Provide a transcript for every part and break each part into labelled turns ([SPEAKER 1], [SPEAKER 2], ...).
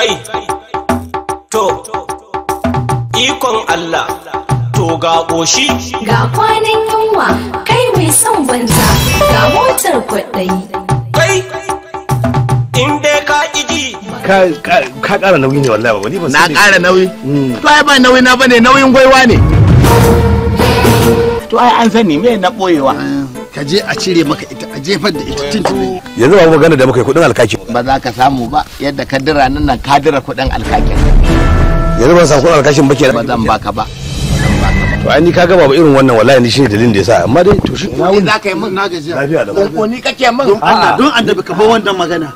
[SPEAKER 1] kai to ikon Allah to ga ƙoshi ga kwanan yunwa kai mai son banza ga motar kwaɗayi kai in dai ka iji ka ƙara nauyi ne wallahi ba wani ba na ƙara nauyi hmm. to ai ba nauyi na bane nauyin gwaiwa ne to ai an sani me na ɓoyewa hmm, ka je a cire maka ita jefar da ita cin yanzu ba magana da muka yi kudin alkaki ba za ka samu ba yadda ka dira nan nan ka dira kudin alkaki yanzu ba samu kudin alkashin ba ke ba zan baka ba to ai ni kaga babu irin wannan wallahi ni shine dalilin da yasa amma dai to shi na wuni ka yi min na gajiya lafiya da ko ni kake min Allah don annabi ka bar wannan magana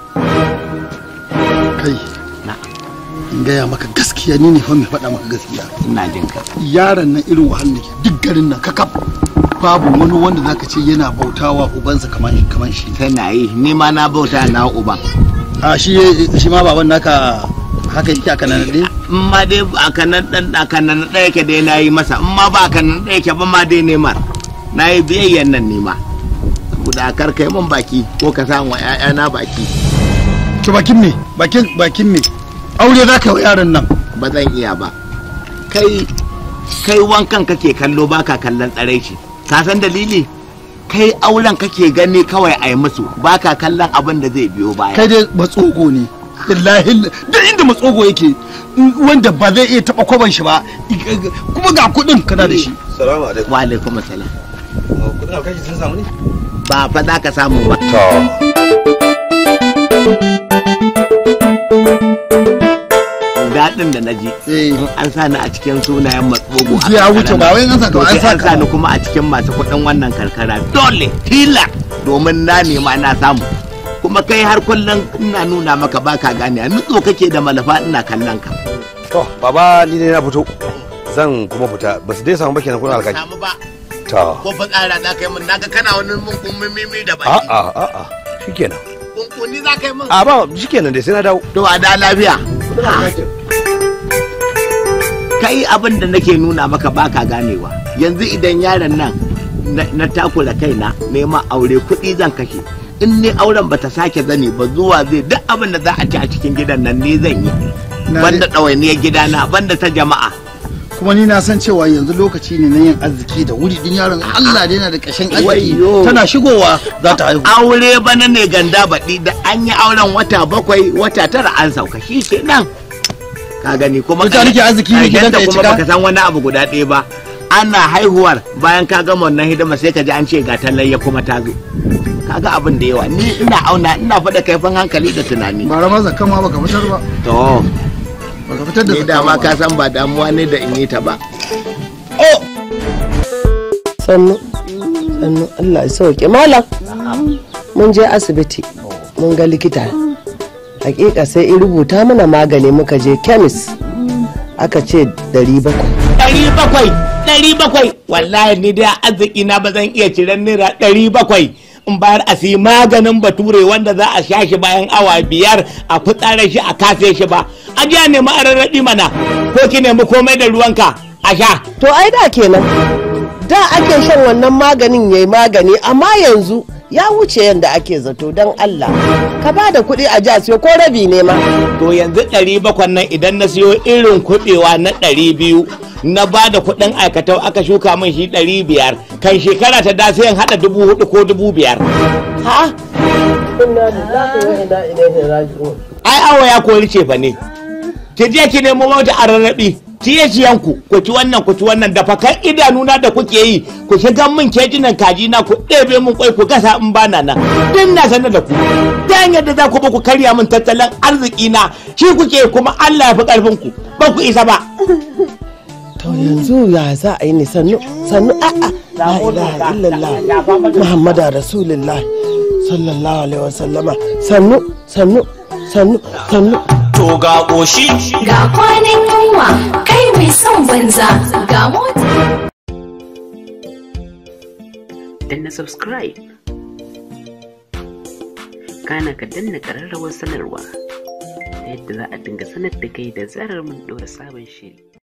[SPEAKER 1] kai in gaya maka gaskiya ni ne fa mai faɗa maka gaskiya ina jin ka yaran nan irin wahalar duk garin nan kafa babu wani wanda zaka ce yana bautawa ubansa kamar shi shi tana yi ni ma na bauta na uba a shi shi ma baban naka haka yake a kanan dai in ma dai a kanan dan a kanan da yake dai nayi yi masa in ma ba a kanan da yake ba ma dai ne mar na yi biyayyan nan ne ma saboda kar kai mun baki ko ka sa wa ƴaƴana baki ki bakin me bakin bakin me aure za ka yi yaran nan ba zan iya ba kai kai wankan kake kallo baka kallon tsare shi san dalili kai auren kake gani kawai a yi musu ba ka kallon abin da zai biyo baya kai dai matsogo ne illahi da inda matsogo yake wanda ba zai iya taba kwaban shi ba kuma ga kudin kana da shi salamu alaikum wa alaikum assalam kudin alkashi sun samu ne ba fa za ka samu ba din da naji eh. an sa ni a cikin sunayen matsogo a ya wuce ba wai an sa an ni kuma a cikin masu kuɗin wannan karkara dole tila domin na nema na samu kuma kai har kullum ina nuna maka baka gane a nutso kake da malafa ina kallon ka to baba ni ne na fito zan kuma fita ba su dai samu ba kenan kuna alkaci samu ba to ko fa tsara da kai mun naga kana wani mun kun mimi da a a a shikenan ni za kai mun a ba shikenan dai sai na dawo to a da lafiya kai abin da nake nuna maka baka ganewa yanzu idan yaron nan na takula kaina nema aure kuɗi zan kashe in ni auren bata sake zane ba zuwa zai duk abin da za a ci a cikin gidan nan ne zan yi banda ɗawainiyar gidana banda ta jama'a kuma ni na san cewa yanzu lokaci ne na yin arziki da wuri din yaron Allah dai yana da kashin arziki tana shigowa za ta haihu aure bana ne ganda baɗi da an yi auren wata bakwai wata tara an sauka shi kenan ka gani kuma ita nake arziki ne gidan ka kuma baka san wani abu guda ɗaya ba ana haihuwar bayan ka gama wannan hidima sai ka ji an ce ga ya kuma ta zo kaga abin da yawa ni ina auna ina faɗa kaifin hankali da tunani ba rama zakka ma baka fitar ba to baka fitar da dama ka san ba damuwa ne da in yi ta ba oh sannu sannu Allah ya sauke malam mun je asibiti mun ga likita hakika sai in rubuta mana magani muka je kemis aka ce 700 700 wallahi ni da arziki na ba zan iya ciran naira 700 in bayar a siyi maganin bature wanda za a sha shi bayan awa biyar a fitsarar shi a kafe shi ba a ji a nemi ararraɗi mana ko ki nemi komai da ruwanka a sha to ai da kenan da ake shan wannan maganin yayi magani amma yanzu ya wuce yadda ake zato don Allah ka ba da kuɗi a ja siyo ko rabi ne ma to yanzu ɗari bakwai nan idan na siyo irin kuɓewa na ɗari biyu na ba da kuɗin aikatau aka shuka min shi ɗari biyar kan shekara ta da sai haɗa dubu hudu ko dubu biyar ha ai awa ya kori ce fa ne ki je ki nemo mota a rarrabi ciye-ciyenku ku ci wannan ku ci wannan da fakan idanuna da kuke yi ku shiga min kejinan kaji na ku ɗebe min kwai ku gasa in bana nan din na sanar da ku dan yadda za ku ba ku karya min tattalin arziki na shi kuke kuma Allah ya fi karfin ku ba ku isa ba. To yanzu ya za a yi ne sannu sannu a a ilaha Muhammadu rasulullahi sallallahu alaihi wasallama sannu sannu sannu sannu. to ga ƙoshi. Ga kwanan yunwa kai mai son banza ga mota. Danna subscribe. Kana ka danna ƙararrawar sanarwa ta yadda za a dinga sanar da kai da zarar mun ɗora sabon shiri.